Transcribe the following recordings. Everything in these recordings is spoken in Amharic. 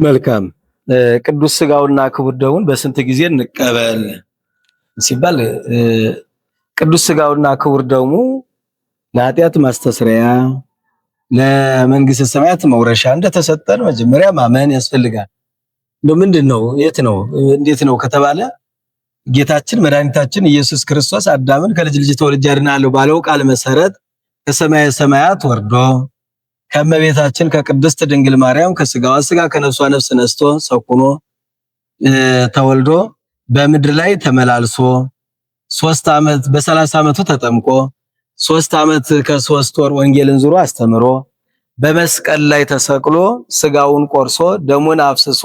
መልካም ቅዱስ ስጋውና ክቡር ደሙን በስንት ጊዜ እንቀበል ሲባል ቅዱስ ስጋውና ክቡር ደሙ ለኃጢአት ማስተስሪያ ለመንግስተ ሰማያት መውረሻ እንደተሰጠን መጀመሪያ ማመን ያስፈልጋል። ምንድን ነው የት ነው እንዴት ነው ከተባለ ጌታችን መድኃኒታችን ኢየሱስ ክርስቶስ አዳምን ከልጅ ልጅ ተወልጄ አድናለሁ ባለው ቃል መሰረት ከሰማየ ሰማያት ወርዶ ከመቤታችን ከቅድስት ድንግል ማርያም ከስጋዋ ስጋ ከነፍሷ ነፍስ ነስቶ ሰኩኖ ተወልዶ በምድር ላይ ተመላልሶ ሶስት ዓመት በሰላሳ ዓመቱ ተጠምቆ ሶስት ዓመት ከሶስት ወር ወንጌልን ዙሮ አስተምሮ በመስቀል ላይ ተሰቅሎ ስጋውን ቆርሶ ደሙን አፍስሶ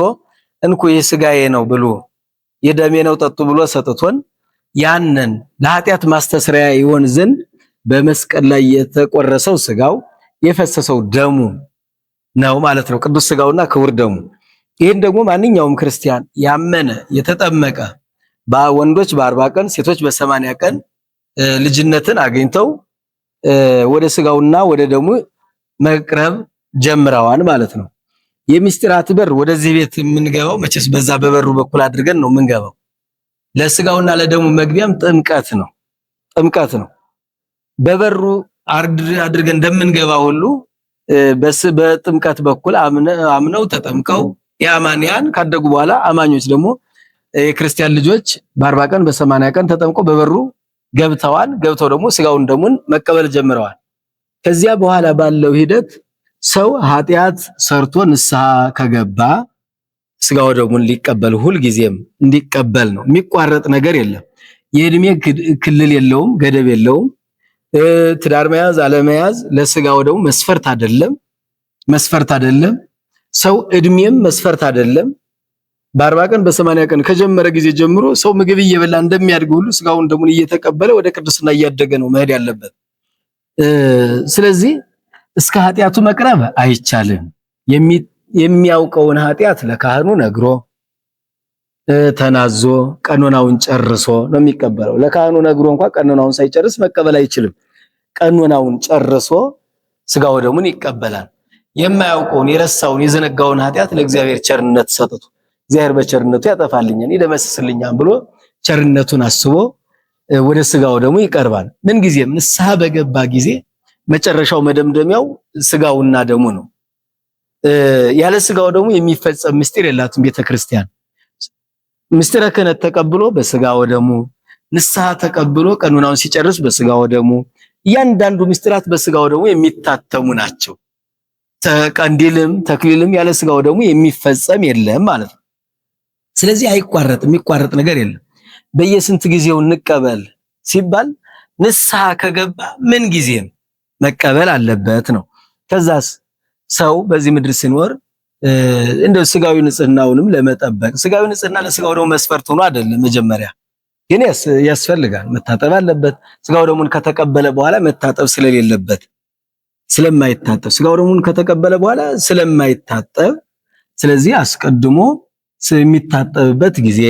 እንኩ ይህ ስጋዬ ነው ብሉ የደሜ ነው ጠጡ ብሎ ሰጥቶን ያንን ለኃጢአት ማስተስሪያ ይሆን ዘንድ በመስቀል ላይ የተቆረሰው ስጋው የፈሰሰው ደሙ ነው ማለት ነው። ቅዱስ ስጋውና ክቡር ደሙ። ይህን ደግሞ ማንኛውም ክርስቲያን ያመነ የተጠመቀ ወንዶች በአርባ ቀን ሴቶች በሰማንያ ቀን ልጅነትን አግኝተው ወደ ስጋውና ወደ ደሙ መቅረብ ጀምረዋል ማለት ነው። የሚስጢራት በር ወደዚህ ቤት የምንገባው መቼስ በዛ በበሩ በኩል አድርገን ነው የምንገባው። ለስጋውና ለደሙ መግቢያም ጥምቀት ነው ጥምቀት ነው። በበሩ አድርገን እንደምንገባ ሁሉ በጥምቀት በኩል አምነው ተጠምቀው የአማንያን ካደጉ በኋላ አማኞች ደግሞ የክርስቲያን ልጆች በአርባ ቀን በሰማንያ ቀን ተጠምቀው በበሩ ገብተዋል። ገብተው ደግሞ ስጋውን ደሙን መቀበል ጀምረዋል። ከዚያ በኋላ ባለው ሂደት ሰው ኃጢአት ሰርቶ ንስሐ ከገባ ስጋው ደሙን ሊቀበል ሁልጊዜም እንዲቀበል ነው። የሚቋረጥ ነገር የለም። የእድሜ ክልል የለውም፣ ገደብ የለውም። ትዳር መያዝ አለመያዝ ለስጋው ደግሞ መስፈርት አይደለም፣ መስፈርት አይደለም። ሰው እድሜም መስፈርት አይደለም። በአርባ ቀን በሰማንያ ቀን ከጀመረ ጊዜ ጀምሮ ሰው ምግብ እየበላ እንደሚያድግ ሁሉ ስጋውን ደሙን እየተቀበለ ወደ ቅድስና እያደገ ነው መሄድ ያለበት። ስለዚህ እስከ ኃጢአቱ መቅረብ አይቻልም። የሚያውቀውን ኃጢአት ለካህኑ ነግሮ ተናዞ ቀኖናውን ጨርሶ ነው የሚቀበለው። ለካህኑ ነግሮ እንኳን ቀኖናውን ሳይጨርስ መቀበል አይችልም። ቀኖናውን ጨርሶ ስጋ ወደሙን ይቀበላል። የማያውቀውን የረሳውን የዘነጋውን ኃጢአት ለእግዚአብሔር ቸርነት ሰጥቶ እግዚአብሔር በቸርነቱ ያጠፋልኛል ይደመስስልኛል ብሎ ቸርነቱን አስቦ ወደ ስጋ ወደሙ ይቀርባል። ምን ጊዜም ንስሐ በገባ ጊዜ መጨረሻው መደምደሚያው ስጋውና ደሙ ነው። ያለ ስጋው ደግሞ የሚፈጸም ምስጢር የላትም ቤተክርስቲያን። ምስጢረ ክህነት ተቀብሎ በስጋ ወደሙ፣ ንስሐ ተቀብሎ ቀኑናውን ሲጨርስ በስጋ ወደሙ፣ እያንዳንዱ ምስጢራት በስጋ ወደሙ የሚታተሙ ናቸው። ተቀንዲልም ተክሊልም ያለ ስጋ ወደሙ የሚፈጸም የለም ማለት ነው። ስለዚህ አይቋረጥም፣ የሚቋረጥ ነገር የለም። በየስንት ጊዜው እንቀበል ሲባል ንስሐ ከገባ ምን ጊዜም መቀበል አለበት ነው። ከዛስ ሰው በዚህ ምድር ሲኖር እንደ ስጋዊ ንጽህናውንም ለመጠበቅ ስጋዊ ንጽህና ለስጋው ደግሞ መስፈርት ሆኖ አይደለም። መጀመሪያ ግን ያስፈልጋል፣ መታጠብ አለበት። ስጋው ደሙን ከተቀበለ በኋላ መታጠብ ስለሌለበት ስለማይታጠብ ስጋው ደሙን ከተቀበለ በኋላ ስለማይታጠብ ስለዚህ አስቀድሞ የሚታጠብበት ጊዜ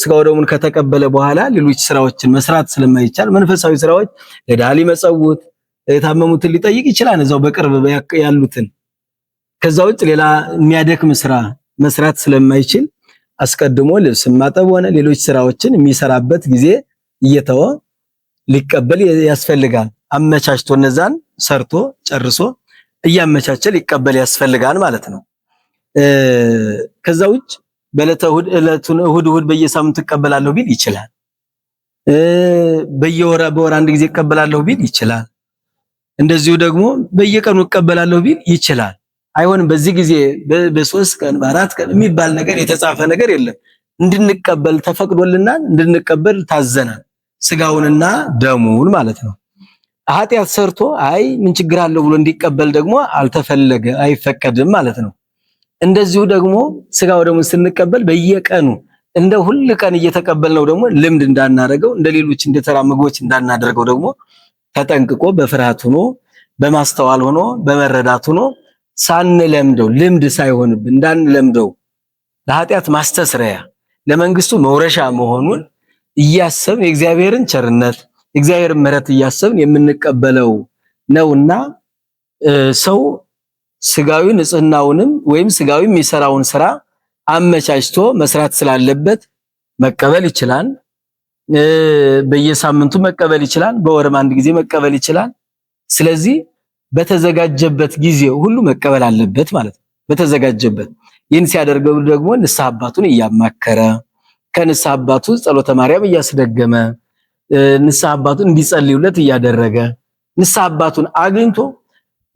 ስጋው ደሙን ከተቀበለ በኋላ ሌሎች ስራዎችን መስራት ስለማይቻል መንፈሳዊ ስራዎች ዕዳ ሊመጸውት፣ የታመሙትን ሊጠይቅ ይችላል፣ እዛው በቅርብ ያሉትን። ከዛ ውጭ ሌላ የሚያደክም ስራ መስራት ስለማይችል አስቀድሞ ልብስ ማጠብ ሆነ ሌሎች ስራዎችን የሚሰራበት ጊዜ እየተወ ሊቀበል ያስፈልጋል። አመቻችቶ እነዛን ሰርቶ ጨርሶ እያመቻቸ ሊቀበል ያስፈልጋል ማለት ነው። ከዛ ውጭ በዕለተ እሁድ እለቱን እሁድ እሁድ በየሳምንቱ እቀበላለሁ ቢል ይችላል። በየወራ በወር አንድ ጊዜ እቀበላለሁ ቢል ይችላል። እንደዚሁ ደግሞ በየቀኑ እቀበላለሁ ቢል ይችላል። አይሆንም። በዚህ ጊዜ በሶስት ቀን በአራት ቀን የሚባል ነገር የተጻፈ ነገር የለም። እንድንቀበል ተፈቅዶልናል። እንድንቀበል ታዘናል። ስጋውንና ደሙን ማለት ነው። ኃጢአት ሰርቶ አይ ምን ችግር አለው ብሎ እንዲቀበል ደግሞ አልተፈለገ አይፈቀድም ማለት ነው። እንደዚሁ ደግሞ ስጋ ወደሙን ስንቀበል በየቀኑ እንደ ሁል ቀን እየተቀበልነው ደግሞ ልምድ እንዳናደርገው እንደ ሌሎች እንደ ተራ ምግቦች እንዳናደርገው ደግሞ ተጠንቅቆ በፍርሃት ሆኖ በማስተዋል ሆኖ በመረዳት ሆኖ ሳንለምደው ልምድ ሳይሆንብን እንዳንለምደው ለኃጢአት ማስተስረያ ለመንግስቱ መውረሻ መሆኑን እያሰብን የእግዚአብሔርን ቸርነት የእግዚአብሔርን ምሕረት እያሰብን የምንቀበለው ነውና ሰው ስጋዊ ንጽህናውንም ወይም ስጋዊ የሚሰራውን ስራ አመቻችቶ መስራት ስላለበት መቀበል ይችላል። በየሳምንቱ መቀበል ይችላል። በወርም አንድ ጊዜ መቀበል ይችላል። ስለዚህ በተዘጋጀበት ጊዜ ሁሉ መቀበል አለበት ማለት ነው። በተዘጋጀበት ይህን ሲያደርገው ደግሞ ንስሐ አባቱን እያማከረ ከንስሐ አባቱ ጸሎተ ማርያም እያስደገመ ንስሐ አባቱን እንዲጸልዩለት እያደረገ ንስሐ አባቱን አግኝቶ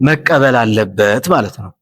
መቀበል አለበት ማለት ነው።